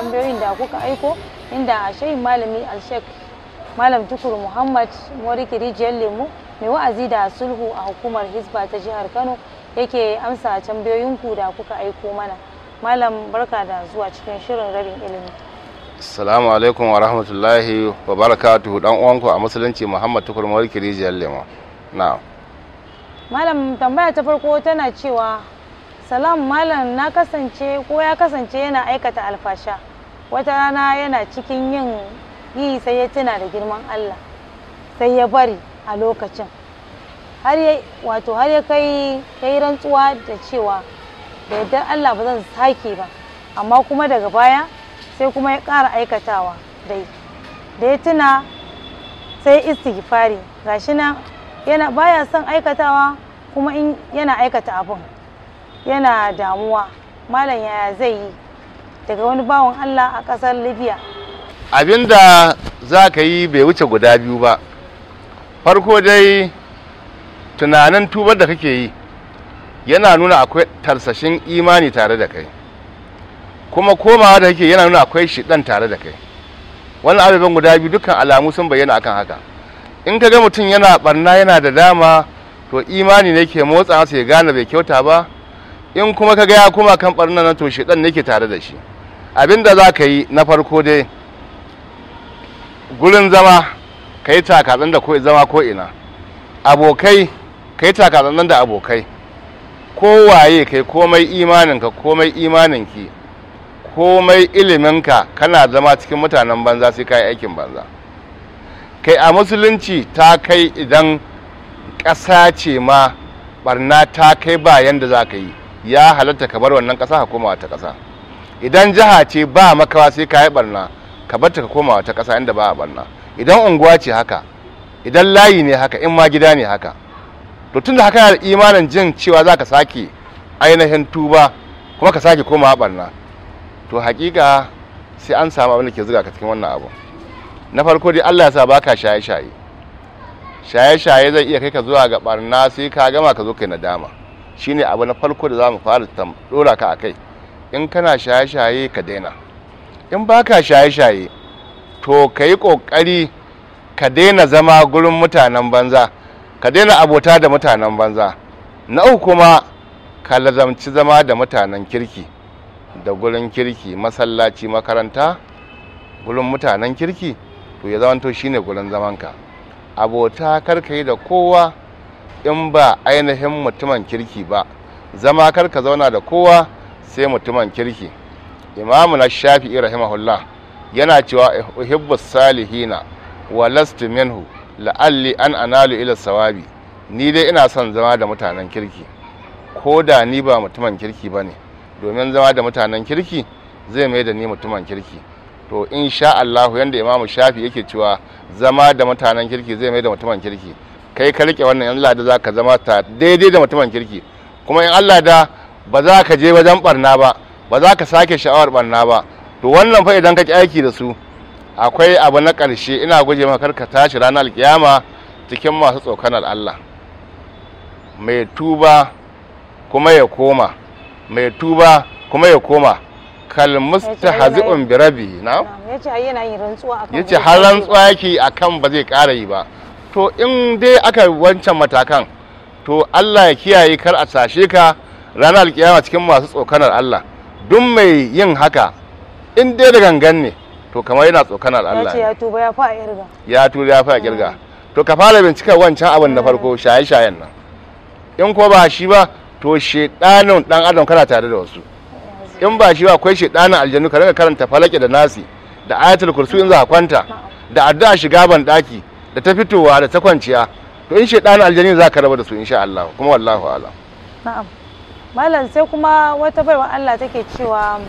tambayoyin da kuka aiko inda shehin malami alshek malam tukur muhammad moriki rijiyar lemu mai wa'azi da sulhu a hukumar hisba ta jihar kano yake amsa tambayoyinku da kuka aiko mana malam barka da zuwa cikin shirin rabin ilimi assalamu alaikum wa rahmatullahi wa barakatuhu dan uwanku a musulunci muhammad tukur moriki rijiyar lemu na malam tambaya ta farko tana cewa salam malam na kasance ko ya kasance yana aikata alfasha wata rana yana cikin yin yi sai ya tuna da girman Allah sai ya bari a lokacin wato har ya kai yi rantsuwa da cewa da yardar Allah ba zan sake ba amma kuma daga baya sai kuma ya ƙara aikatawa dai da ya tuna sai istighfari gashi nan yana baya son aikatawa kuma in yana aikata abin yana damuwa malam yaya zai yi daga wani bawan Allah a ƙasar Libya. Abinda za ka yi bai wuce guda biyu ba. Farko dai tunanin tubar da kake yi yana nuna akwai tarsashin imani tare da kai. Kuma komawa da kake yana nuna akwai shiɗan tare da kai. Wannan abubuwan guda biyu dukkan alamu sun bayyana akan haka. In ka ga mutum yana barna yana da dama to imani ne ke motsa masa ya gane bai kyauta ba in kuma ka ga ya kuma kan barna nan to ne ke tare da shi abinda za ka yi na farko dai gurin zama ka yi takatsan da ko zama ko ina abokai ka yi takatsan da abokai kowaye kai komai imaninka komai imaninki komai iliminka kana zama cikin mutanen banza sai ka yi aikin banza kai a musulunci ta kai idan ƙasa ce ma barna ta kai ba da za ka yi ya halatta ka bar wannan ƙasa ka koma wata ƙasa idan jiha ce ba makawa sai ka yi barna ka bar ta ka koma wata ƙasa inda ba a barna idan unguwa ce haka idan layi ne haka in ma gida ne haka to tun da haka da imanin jin cewa za ka sake ainihin tuba kuma ka sake koma barna to hakika sai an samu abin da ke zuga ka cikin wannan abu na farko dai Allah ya sa baka shaye-shaye shaye-shaye zai iya kai ka zuwa ga barna sai ka gama ka zo kai nadama shine abu na farko da za mu fara dora ka a kai. in kana shaye-shaye ka daina in baka shaye-shaye to ka yi ƙoƙari ka daina zama gurin mutanen banza ka daina abota da mutanen banza na uku kuma ka lazamci zama da mutanen kirki da gurin kirki masallaci makaranta gurin mutanen kirki to ya zamanto shine gurin zamanka abota kar ka yi da kowa in ba ainihin mutumin kirki ba zama karka zauna da kowa sai mutumin kirki imamu na Shafi shafi'i rahimahullah yana cewa uhibbu salihina wa lastu minhu la'alli an analu ila sawabi ni dai ina son zama da mutanen kirki ko da ni ba mutumin kirki ba ne domin zama da mutanen kirki zai mai da ni mutumin kirki to in sha Allahu yadda imamu shafi yake cewa zama da mutanen kirki zai mai da mutumin kirki kai ka wannan in Allah da zaka zama ta daidai da mutumin kirki kuma in Allah da ba za ka je wajen barna ba ba za ka sake sha'awar barna ba to wannan fa idan ka ki aiki da su akwai abu na ƙarshe ina guje maka kar ka tashi ranar alkiyama cikin masu tsokanar Allah mai tuba kuma ya koma mai tuba kuma ya koma kalmusta hazi'un birabi na yace har rantsuwa yake akan ba zai ƙara yi ba to in dai aka wancan matakan to Allah ya kiyaye kar a tashe ka ranar alkiyama cikin masu tsokanar Allah duk mai yin haka in dai da gangan ne to kamar yana tsokanar Allah ya tuba ya fa kirga ya tuba ya kirga to ka fara bincika wancan abin na farko shaye-shayen nan in ko ba shi ba to shedanin dan adam kana tare da wasu in ba shi ba akwai shedanin aljannu ka rinka karanta falaki da nasi da ayatul kursu in za kwanta da addu'a shiga ban daki da ta fitowa da ta kwanciya to in shedanin aljannu za ka raba da su insha Allah kuma wallahu a'lam na'am malam sai kuma wata baiwa Allah take cewa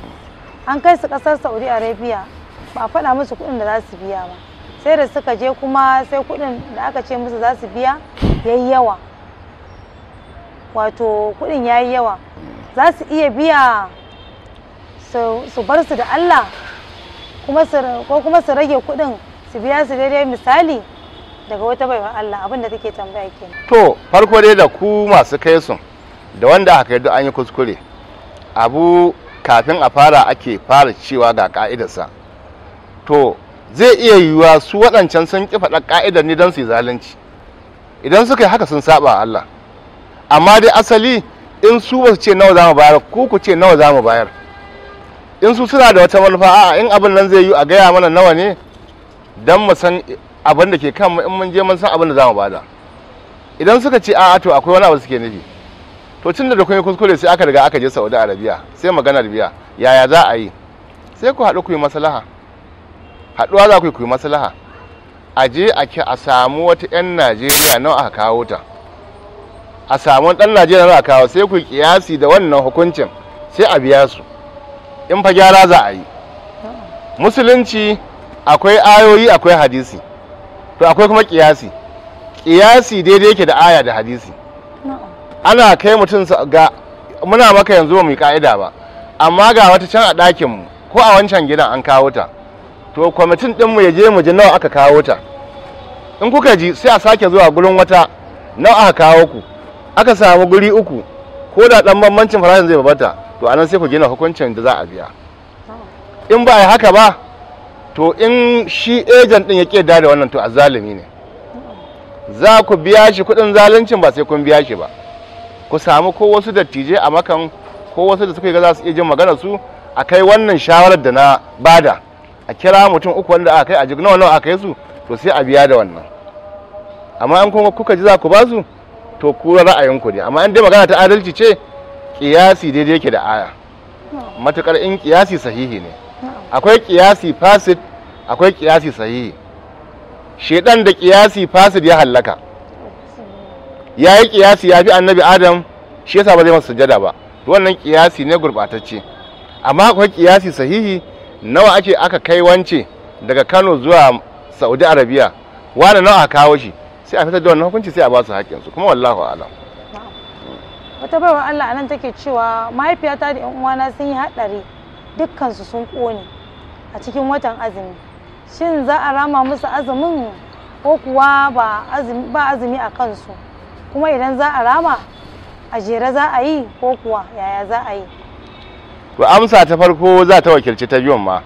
an kai su kasar Saudi Arabia ba faɗa musu kuɗin da za su biya ba sai da suka je kuma sai kuɗin da aka ce musu za su biya yayi yawa wato kuɗin yayi yawa za su iya biya su bar su da Allah ko kuma su rage kuɗin su biya su daidai misali daga wata baiwa Allah abin da take tambaya kenan to farko dai da ku masu kai sun da wanda aka yarda an yi kuskure abu kafin a fara ake fara cewa ga ka'idarsa to zai iya yiwuwa su waɗancan sun ƙi faɗa ka'idar ne don su yi zalunci idan suka yi haka sun saba Allah amma dai asali in su ba su ce nawa za mu bayar ko ku ce nawa za mu bayar in su suna da wata manufa a in abin nan zai yi a gaya mana nawa ne don mu san abin da ke kan mu in mun je mun san abin da za mu bada idan suka ce a to akwai wani abu suke nufi to tun da kun yi kuskure sai aka riga aka je saudi arabiya sai maganar biya yaya za a yi sai ku haɗu ku yi maslaha haɗuwa za ku yi ku yi maslaha a je a ki a samu wata 'yan najeriya nawa aka kawo ta a samu ɗan najeriya nawa aka kawo sai ku kiyasi da wannan hukuncin sai a biya su in fa gyara za a yi musulunci akwai ayoyi akwai hadisi to akwai kuma kiyasi kiyasi daidai yake da aya da hadisi ana kai mutum ga muna maka yanzu ba mu ka'ida ba amma ga wata can a ɗakin mu ko a wancan gidan an kawo ta to kwamitin ɗinmu ya je mu ji nawa aka kawo ta in kuka ji sai a sake zuwa gurin wata nawa aka kawo ku aka samu guri uku ko da ɗan bambancin farashin zai babata to anan sai ku gina hukuncin da za a biya in ba a haka ba to in shi ejan ɗin ya ke da wannan to a zalimi ne za ku biya shi kuɗin zaluncin ba sai kun biya shi ba ku samu ko wasu dattijai a makan ko wasu da suka ga za su iya jin magana su a kai wannan shawarar da na bada a kira mutum uku wanda aka kai a jignawa nawa aka yi su to sai a biya da wannan amma in kuma kuka ji za ku ba su to ra'ayin ra'ayinku ne amma in dai magana ta adalci ce kiyasi daidai yake da aya matukar in kiyasi sahihi ne akwai kiyasi fasid akwai kiyasi sahihi shedan da kiyasi fasid ya hallaka ya yi kiyasi ya fi annabi adam shi yasa ba zai masa sujada ba wannan kiyasi ne gurbatacce amma akwai kiyasi sahihi nawa ake aka kai wance daga kano zuwa saudi arabia wani nawa a kawo shi sai a fitar da wannan hukunci sai a ba su haƙƙinsu kuma wallahu alam wata baiwa allah anan take cewa mahaifiyata da yan uwana sun yi haɗari dukkansu sun ƙone a cikin watan azumi shin za a rama musu azumin ko kuwa ba azumi a kansu kuma idan za a rama a jere za a yi ko kuwa yaya za a yi to amsa ta farko za ta wakilci ta biyun ma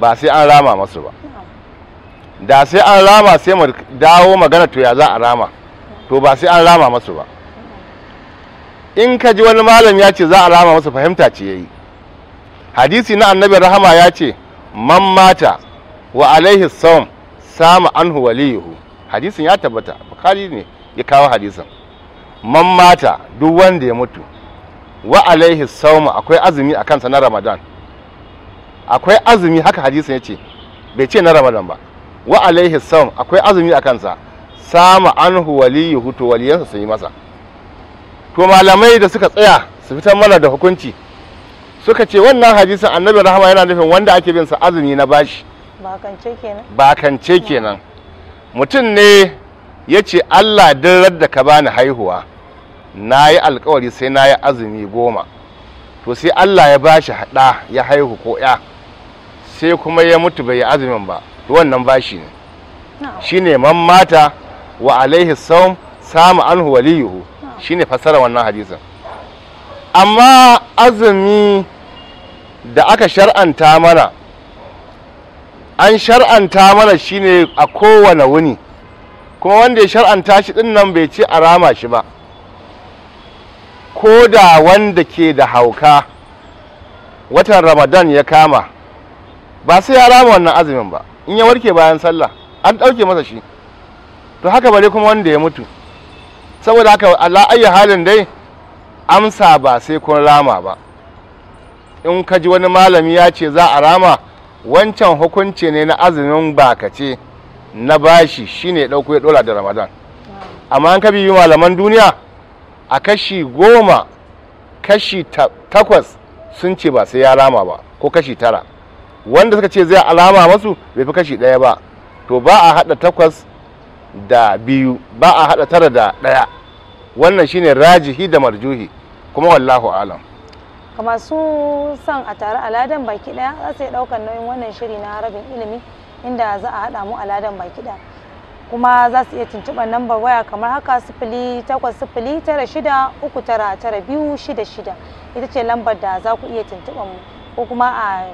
ba sai an rama masu ba da sai an rama sai mu dawo magana to ya za a rama to ba sai an rama masu ba in ka ji wani malam ya ce za a rama masu fahimta ce yayi hadisi na annabi rahama ya ce man mata wa alaihi Sam sama anhu waliyuhu hadisin ya tabbata bukhari ne ya kawo hadisin man mata duk wanda ya mutu wa alaihi sauma akwai azumi a kansa na ramadan akwai azumi haka hadisin ya ce bai ce na ramadan ba wa alaihi saum akwai azumi a kansa sama anhu waliyuhu hutu waliyansa su yi masa to malamai da suka tsaya su fitar mana da hukunci suka ce wannan hadisin annabi rahama yana nufin wanda ake bin sa azumi na bashi bakance kenan bakance kenan mutum ne ya ce allah dirar da ka bani haihuwa na yi alkawari sai na yi azumi goma to sai allah ya ba shi haɗa ya haihu ko ya sai kuma ya mutu bai yi azumin ba to wannan bashi ne Shi man mata wa alaihi saum samu anhu waliyuhu ne fassara wannan hadisin amma azumi da aka shar'anta mana an shar'anta mana shi ne a kowane wuni kuma wanda ya shar'anta shi ɗinnan bai ce a rama shi ba ko da wanda ke da hauka watan ramadan ya kama ba sai ya rama wannan azumin ba in ya warke bayan sallah an ɗauke masa shi to haka bare kuma wanda ya mutu saboda haka Allah ayya halin dai amsa ba sai kun rama ba in ka ji wani malami ya ce za a rama wancan hukunci ne na azumin bakace na bashi shine ɗauko ya ɗora da ramadan amma an ka biyu malaman duniya a kashi goma kashi takwas sun ce ba sai ya rama ba ko kashi tara wanda suka ce zai alama masu bai fi kashi ɗaya ba to ba a haɗa takwas da biyu ba a haɗa tara da ɗaya wannan shine rajihi da marjuhi kuma wallahu alam kamar su son a tare aladan baki ɗaya za su yi ɗaukar nauyin wannan shiri na rabin ilimi inda za a haɗa mu aladan baki ɗaya kuma za su iya tuntuɓar lambar waya kamar haka sifili takwas sifili tara shida uku tara tara biyu shida shida ita ce lambar da za ku iya tuntuɓar mu ko kuma a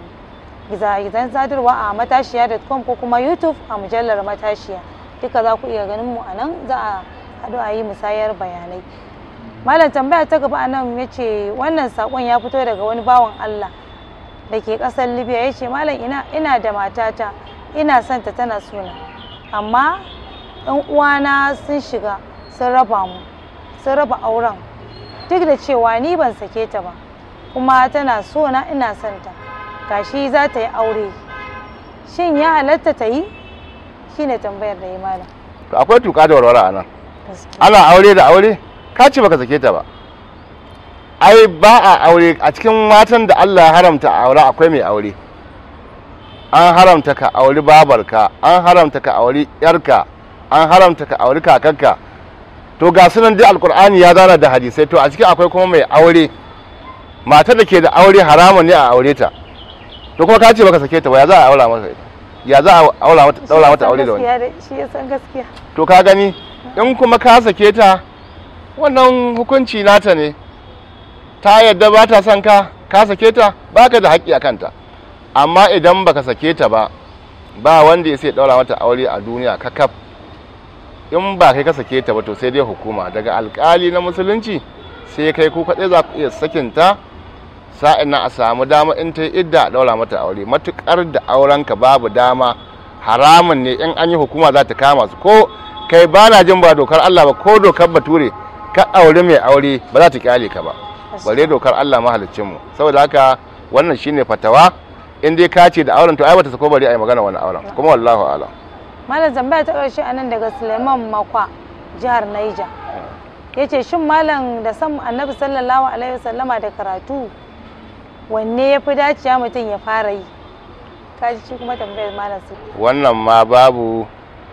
gizagizan sadarwa a matashiya.com ko kuma youtube a mujallar matashiya duka za ku iya ganin mu a nan za a haɗu a yi musayar bayanai malam tambaya ta gaba a nan ya ce wannan saƙon ya fito daga wani bawan allah da ke ƙasar libya ya ce malam ina da matata ina son ta tana suna amma Ɗan uwana sun shiga sun raba mu sun raba auren duk da cewa ni ban sake ta ba kuma tana so na ina son ta gashi za ta yi aure shin ya halatta ta yi shine tambayar da yi malam to akwai tuka da warware a nan ana aure da aure ka ce baka sake ta ba ai ba a aure a cikin matan da Allah ya haramta a aure akwai mai aure an haramta ka auri babarka an haramta ka auri yarka an haramta ka auri kakanka to ga sunan dai alkur'ani ya zana da hadisai to a ciki akwai kuma mai aure matar da ke da aure haramun ne a aure ta to kuma ka ce baka sake ta ba ya za a aura mata ya za a aura mata daura mata aure da wani shi ya san gaskiya to ka gani in kuma ka sake ta wannan hukunci nata ne ta yadda ba ta son ka ka sake ta baka da haƙƙi a kanta amma idan baka sake ta ba ba wanda ya sai daura mata aure a duniya kaf. in ba kai ka sake ta ba to sai dai hukuma daga alkali na musulunci sai kai ku kadai za ku iya sakin ta sa'in a samu dama in ta yi idda daura mata aure matukar da auren ka babu dama haramun ne in an yi hukuma za ta kama su ko kai ba na jin ba dokar Allah ba ko dokar bature ka aure mai aure ba za ta kyale ka ba bare dokar Allah mahalicin mu saboda haka wannan shine fatawa in dai ka ce da auren to ai bata sako bari ai magana wani auren kuma wallahu a'lam malam tambaya ta a anan daga suleiman makwa jihar naija ya ce shin malam da san annabi sallallahu alaihi wasallama da karatu wanne ya fi dacewa mutum ya fara yi kaji shi kuma tambayar malam su wannan ma babu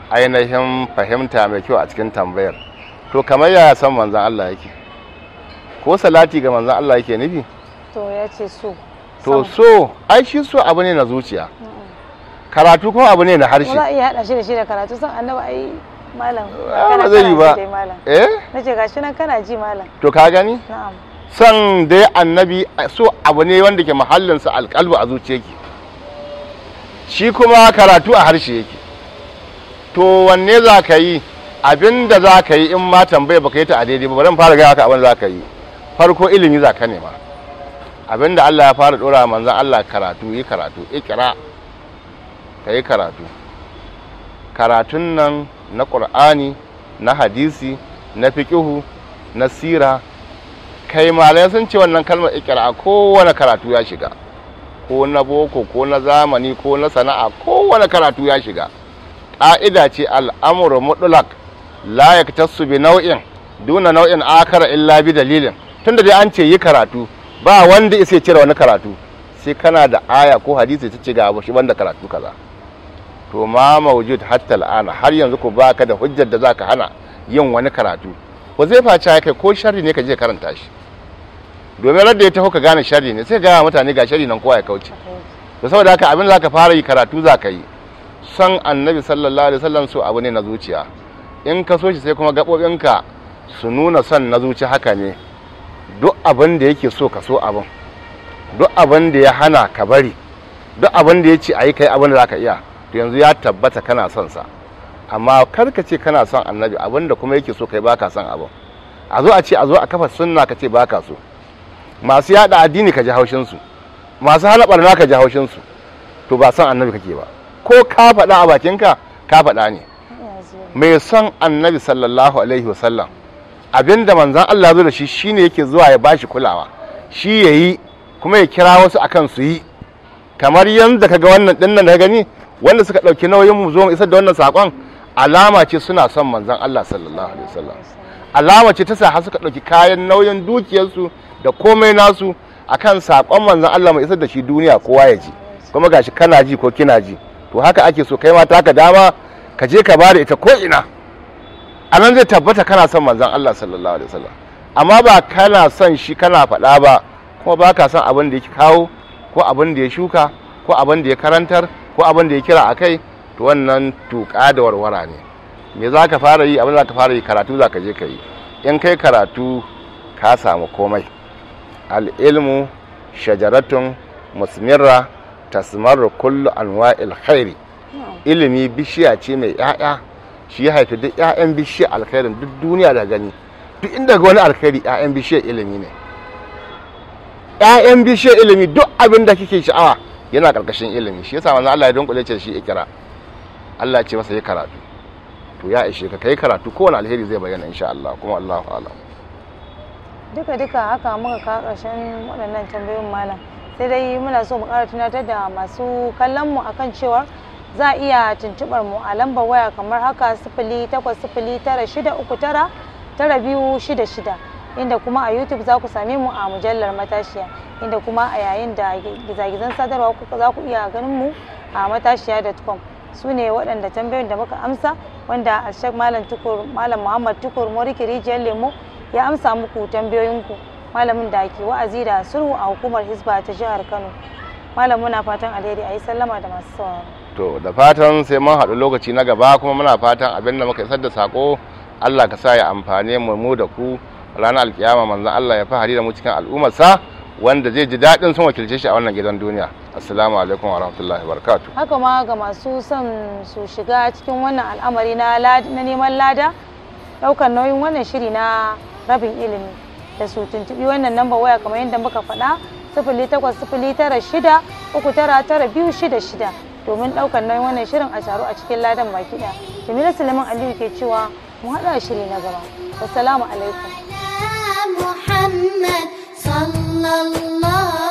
ainihin fahimta mai kyau a cikin tambayar to kamar ya san manzan Allah yake ko salati ga manzan Allah yake nufi to ya ce so to so ai shi so abu ne na zuciya karatu kuma abu ne na harshe ba iya hada shi da shi da karatu san annabi ai malam ah, ba zai yi ba eh nace gashi nan kana ji malam to ka gani na'am san dai annabi so abu ne wanda ke sa alƙalbu a zuciyarki shi kuma karatu a harshe yake to wanne za ka yi abinda za ka yi in ma tambaya baka yi ta a daidai ba bari fara gaya ka abin da za ka yi farko ilimi za ka nema abinda Allah ya fara dora manzon Allah karatu yi karatu ikra ka yi karatu karatun nan na ƙur'ani na hadisi na fiƙihu na sira kai malai sun ce wannan kalmar ikira kowane karatu ya shiga ko na boko ko na zamani ko na sana'a kowane karatu ya shiga ƙa'ida ce al'amuru mutulak la yaktasu bi nau'in duna nau'in akara illa bi dalilin tunda dai an ce yi karatu ba wanda isa cire wani karatu sai kana da aya ko hadisi ta cigaba gaba shi banda karatu kaza to ma maujud hatta al'ana har yanzu ko baka da hujjar da zaka hana yin wani karatu ba zai faca kai ko sharri ne ka je karanta shi domin radda ya taho ka gane sharri ne sai ga mutane ga sharri nan kowa ya kauce to saboda haka abin zaka fara yi karatu zaka yi san annabi sallallahu alaihi wasallam so abu ne na zuciya in ka so shi sai kuma gaɓoɓinka su nuna son na zuciya haka ne duk abin da yake so ka so abin duk abin da ya hana ka bari duk abin da ya ce a yi kai abin da za ka iya yanzu ya tabbata kana son sa amma kar ka ce kana son annabi abinda kuma yake so kai baka son abin a zo a ce a zo a kafa sunna ka ce baka so masu yada addini ka ji haushin su masu halabar barna ka ji haushin su to ba son annabi kake ba ko ka faɗa a bakinka ka faɗa ne mai son annabi sallallahu alaihi wasallam abinda manzan Allah zo da shi shine yake zuwa ya bashi kulawa shi yayi kuma ya kira wasu akan su yi kamar ka kaga wannan dinnan da gani wanda suka ɗauki nauyin mu zo mu isar da wannan saƙon alama ce suna son manzon Allah sallallahu alaihi wasallam alama ce ta sa har suka ɗauki kayan nauyin dukiyarsu da komai nasu akan saƙon manzon Allah mu isar da shi duniya kowa ya ji kuma gashi kana ji ko kina ji to haka ake so kai ma ka dama ka je ka bada ita ko ina a nan zai tabbata kana son manzon Allah sallallahu alaihi wasallam amma ba kana son shi kana faɗa ba kuma ba ka son abin da ya kawo ko abin da ya shuka ko abin da ya karantar ko abin da ya kira a kai to wannan tuƙa da warwara ne me za ka fara yi abin da za ka fara yi karatu za ka je ka yi in kai karatu ka samu komai al'ilmu shajaratun musmirra tasmaru kullu anwa'il alkhairi ilimi bishiya ce mai ya'ya shi ya haifi duk ya'yan bishiyar alkhairin duk duniya da gani duk inda ga wani alkhairi ya'yan bishiyar ilimi ne ya'yan bishiyar ilimi duk abin da kike sha'awa yana karkashin ilimi shi yasa manzo Allah ya dunkule ce shi ikira Allah ce masa ya karatu to ya ishe ka kai karatu kowane alheri zai bayyana insha Allah kuma Allahu a'lam duka duka haka muka ka karshen waɗannan tambayoyin malam sai dai muna so mu ƙara tunatar da masu kallon mu akan cewa za a iya tuntubar mu a lambar waya kamar haka sifili takwas sifili tara shida uku tara tara biyu shida shida inda kuma a youtube za ku same mu a mujallar matashiya inda kuma a yayin da gizagizan sadarwa kuka za ku iya ganin mu a matashiya.com su ne waɗanda tambayoyin da muka amsa wanda alshak malam tukur malam muhammad tukur moriki rijiyar lemo ya amsa muku tambayoyinku malamin da ke wa'azi da sulhu a hukumar hisba ta jihar kano malam muna fatan alheri a yi sallama da masu sauraro to da fatan sai mun haɗu lokaci na gaba kuma muna fatan abin da muka isar da sako allah ka sa ya amfane mu mu da ku ranar alkiyama manzon allah ya hari da mu cikin al'ummarsa wanda zai ji daɗin sun wakilce shi a wannan gidan duniya assalamu alaikum wa rahmatullahi barakatu haka ma ga masu son su shiga cikin wannan al'amari na neman lada ɗaukar nauyin wannan shiri na rabin ilimi da su tuntuɓi wannan namba waya kamar yadda muka faɗa sifili takwas sifili tara shida uku tara tara biyu shida shida domin ɗaukar nauyin wannan shirin a taro a cikin ladan baki ɗaya jamila suleiman aliyu ke cewa mu haɗa shiri na gaba wassalamu alaikum muhammad 啦啦啦。